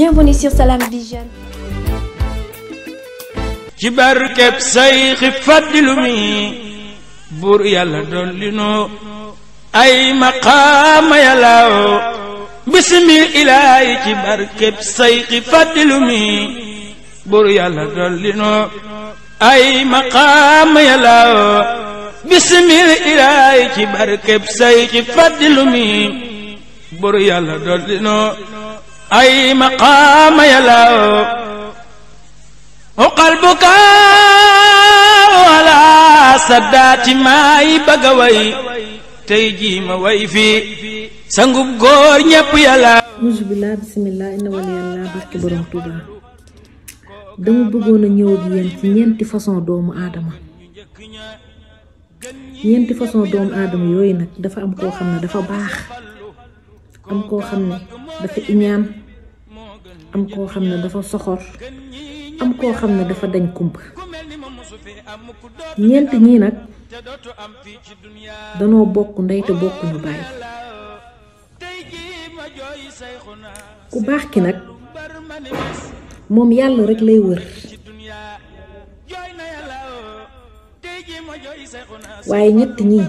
Bienvenue sur ci barkeb sayxi fàddilu mi buur yàlla ay maqaama yàllaaw bismil ilaahi ci barkeb sayxi fàddilu mi buur yàlla ay maqaama yàllaaw bismil ilaahi ci barkeb sayxi fàddilu mi buur yàlla ay maqaama yalaw uqal bukaaw ala saddaati maay bëgga way tey jii ma way fii sangub góor ñépp yalaw bismillah bismillah inna waliyallah barke borom Tuuba dama bëggoon ñëw ak yéen ñeenti façon doomu aadama ñeenti façon doomu aadama yooyu nag dafa am koo xam ne dafa baax am koo xam ne dafa iñaan am koo xam ne dafa soxor am koo xam ne dafa dañ kumpa ñeent ñii nag danoo bokk ndey te bokkuñu bàyyi ku baax ki nag moom yàlla rekk lay wër waaye ñett ñii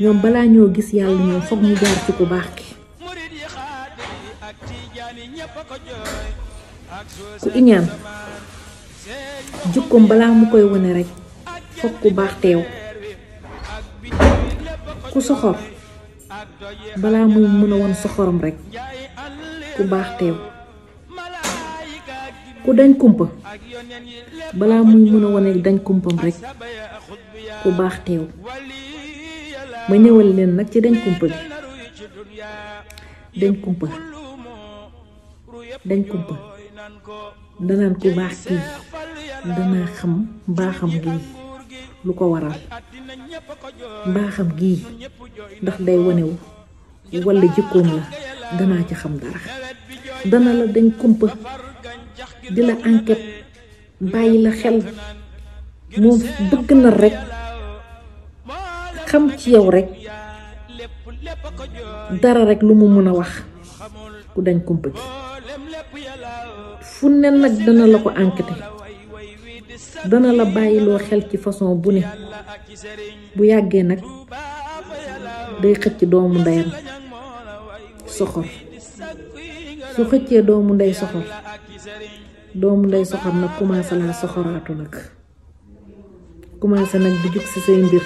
ñoom balaa ñoo gis yàlla ñoom foog ñu jaar ci ku baax ki ku iñaan jukkoom balaa mu koy wone rekk foog ku baax teew ku soxor balaa muy mën a won soxorom rekk ku baax teew ku dañ kumpa balaa muy mën a wone dañ kumpam rekk ku baax teew ma ñëwal leen nag ci dañ kumpa bi dañ kumpa dañ kumpa danaan ku baax kii danaa xam mbaaxam gii lu ko waral mbaaxam gi ndax day wanewu walla jikkoom la danaa ci xam dara dana la dañ kumpa di la enquête bàyyi la xel moom bëgg na rekk xam ci yow rek dara rek lu mu mën a wax ku dañ kumpa gi fu ne nag dana la ko enquêté dana la bàyyiloo xel ci façon bu ne bu yàggee nag day xëcc doomu ndeyam soxor su xëccee doomu ndey soxor doomu ndey soxor nag commencé laa soxoraatu nag commencé nag di jug ci say biir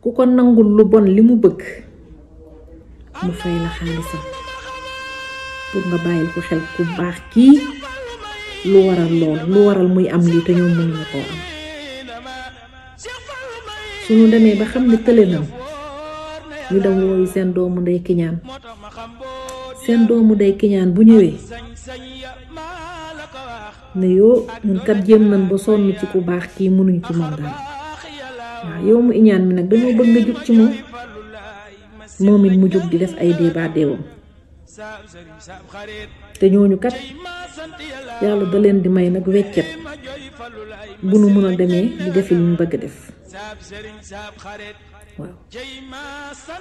ku ko nangul lu bon li mu bëgg mu fay la xaalisam pour nga bàyyil ko xel ku baax kii lu waral lool lu waral muy am lii te ñoom mënuñu koo am suñu demee ba xam ne tële nam ñu dem wooyu seen doomu ndey kiñaan seen doomu ndey kiñaan bu ñëwee ne yoo ñun kat jéem ba sonn ci ku baax kii mënuñ ci moom daal waaw yow mu iñaan mi nag dañoo bëgg nga jug ci moom moom it mu jóg di def ay débat deewam te ñooñu kat yàlla da di may nag weccet bu nu mën a demee di defi lu ñu bëgg def waaw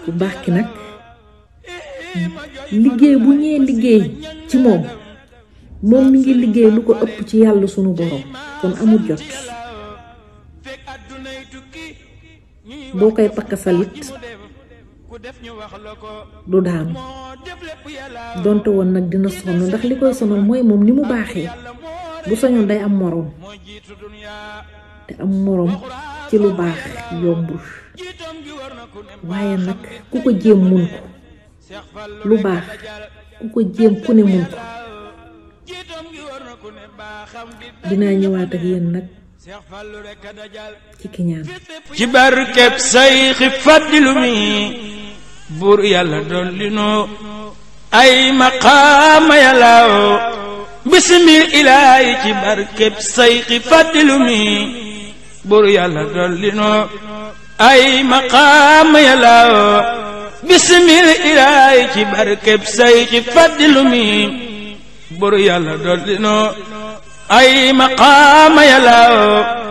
bu baax ki nag liggéey bu ñee liggéey ci moom moom mu ngi liggéey lu ko ëpp ci yàlla sunu borom kon amul jot boo koy pakkasalit du daanu donte woon nag dina sonn ndax li koy sonal mooy moom ni mu baaxee bu sañoon day am moroom te am moroom ci lu baax yombul waaye nag ku ko jéem mun ko lu baax ku ko jéem ku ne mun ko dinaa ñëwaat ak nag ci barkeb say xi fàddilu mi yàlla dolli noo ay maqaama yàllaaw ci barkeb say xi fàddilu mi ay maqaama yàlla